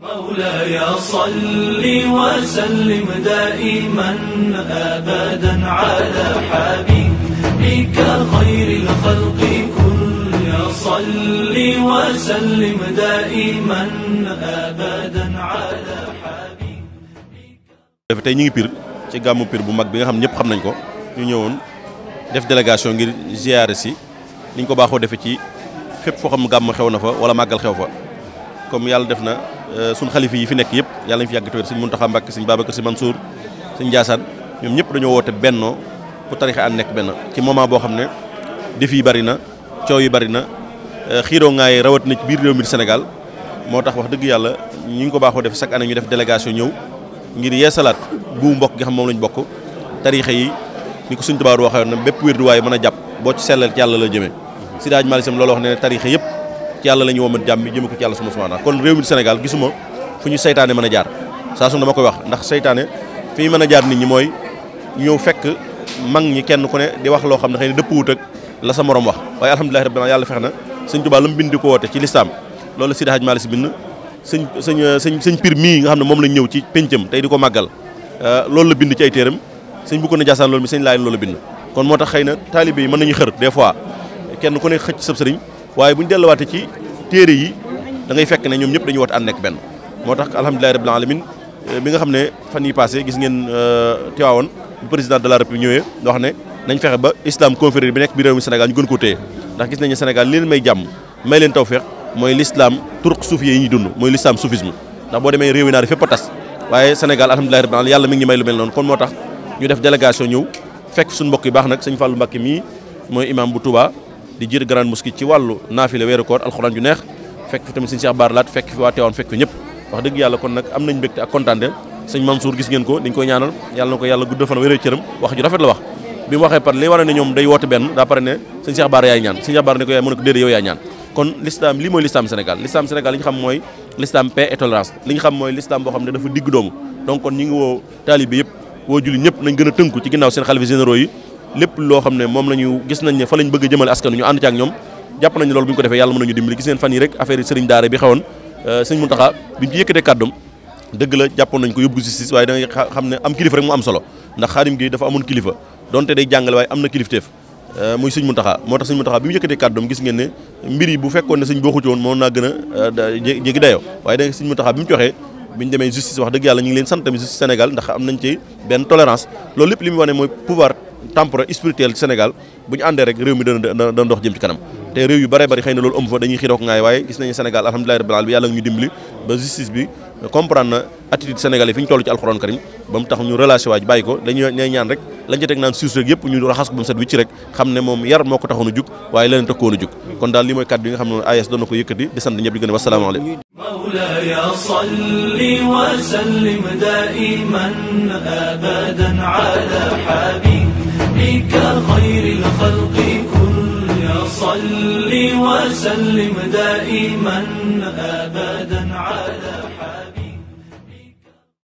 مولاي صل وسلم دائما ابدا على حبيبك خير الخلق يا صل وسلم دائما ابدا على حبيبك تاي نيغي بير سي غامو بير بو ماك بيغا خام نييب خام نانكو ني نيوون ديف ديليغاسيون غير جي ار سي نينكو باخو ديف سي فيب فو خام غامو خيو نافا ولا ماغال خيو فا كوم يالا ديفنا Euh, suñ xalifa yi fi nekk yëpp yàlla ñu fi yàgg te wér sëñ Muntaxa Mbàkke sëñ Babacar Sy Mansour sëñ Ndiassane ñoom ñëpp dañoo woote bennoo pour tarixa an nekk benn ci moment boo xam ne défi yi bari na coow yi bari na euh, xiiroo ngaay rawat na ci biir réew mi Sénégal moo tax wax dëgg yàlla ñu ngi ko baaxoo def chaque année ñu def délégation ñëw ngir yeesalaat bu mbokk gi xam moom lañ bokk tarixa yi ni ko suñ tubaaru waxee woon na bépp wér du waaye mën a jàpp boo ci sel ci yàlla la jëmee si daaj malisam loolu ne tarixa yëpp ci yàlla la ñu woomat jàmm mi jëme ko ci yàlla suma subhaana kon réew mi Sénégal gisuma fu ñu saytaane mën a jaar saa su dama koy wax ndax saytaane fi ñu mën a jaar nit ñi mooy ñëw fekk mag ñi kenn ku ne di wax loo xam ne xëy na dëppwut ak la sa morom wax waaye alhamdulilahi rabbil yàlla fex na sëñ Tuubaa la mu bind di ko woote ci lislaam loolu Sidi Hadj Malick si bind sëñ sëñ sëñ Pir mii nga xam ne moom lañ ñëw ci péncam tey di ko màggal euh, loolu la bind ci ay téeram sëñ bu ko na jaasaan loolu mi sëñ laayin loolu kon moo tax xëy na taalibe yi mën nañu xër des fois kenn ku ne xëcc sab sëriñ waaye bu ñu delluwaatee ci téere yi da ngay fekk ne ñoom ñëpp dañuy woote ànd nekk benn moo tax alhamdulilahi rabbil alamin eh, bi nga xam ne fan yi passé gis ngeen eh, Tiwaawoon bu président de la république ñëwee wax ne nañ fexe ba islam confrérie bi nekk bi réew mi Sénégal ñu gën koo téye ndax gis nañu Sénégal li leen may jàmm may leen tawféex mooy l'islam turq soufiyé yi ñuy dund mooy l'islam soufisme ndax boo demee réew yi naar yi fépp a tas waaye Sénégal alhamdulilahi rabbil alamin yàlla mi ngi may lu mel noonu moo tax ñu def délégation ñëw fekk suñu mbokk yi baax nag sëñ Fallou Mbacké mii mooy imam bu Touba di jir grand Mosquée ci walu naafile weeru koor alcorane ju neex fekk fi tamit seigne Cheikh barlat fekk fi waté won fekk fi wax deug yalla kon nak am nañ mbégte ak kontaante seigne Mansour gis ngeen ko dañ koy ñaanal yalla nako ko yàlla guddal fan wéeru cëram wax ju rafet la wax bi mu waxee par li war ne ñoom day woote ben da paré né seigne Cheikh bar yaay ñaan seigne Cheikh bar ne ko yaay mëna ko dédé yow yaay ñaan kon l'islam li moy l'islam Sénégal l'islam Sénégal li nga xam moy l'islam paix et tolérance li nga xam moy l'islam bo xam dafa digg doomu donc kon ñi ngi wo taalibe yépp wo julli ñëpp nañ gëna a tënku ci ginnaw seen xalifa généraux yi lepp lo xamne mom lañu gis nañ ne fa lañ bëgg jëmal askan ñu and ci ak ñom japp nañ loolu buñ ko defé yalla mëna ñu dimbali gis ngeen fan yi rek affaire serigne daara bi xewon euh, serigne muntaha bi ci yëkkatee kàddum deug la japp nañ ko yobbu justice waye da nga xamne am kilifa rek mu am solo ndax xaadim gi dafa amoon kilifa donte day jangal waye amna na kilifteef euh, muy serigne muntaha motax serigne muntaha Muntaxa bi mu gis ngeen ne mbiri bu fekkoon ne sëñ boo xucc woon moom naa gën a euh, jéggi dayoo da ngay sëñ Muntaxa bi mu joxee bi ñu justice wax deug yalla ñu ngi leen sant tamit justice Sénégal ndax am nañ ci ben tolérance loolu lepp limi wone moy pouvoir temporel spirituel Sénégal buñ ñu rek réew mi da dana dox jëm ci kanam té réew yu bari bari xeyna lool loolu ëmb fa dañuy xiiroo ngay way gis nañu Sénégal alhamdulilah rabbil alamin yalla ngi dimbali ba justice bi comprendre na attitude sénégalais fiñ tollu ci alcorane karim bam tax ñu relation waaj bayiko ko dañuy ñaan rek lañu tek naan suus rek yépp ñu raxas ko ba mu set wicc rek xamne mom yar moko taxonu juk waye jug waaye leneen takkoon a jug kon dal li mooy kàddu yi nga xamne ayas do nako yëkëti di sant ñëpp di gën a ya salli wa sallim daiman abadan ala habibi بك خير الخلق كل صل وسلم دائما أبدا على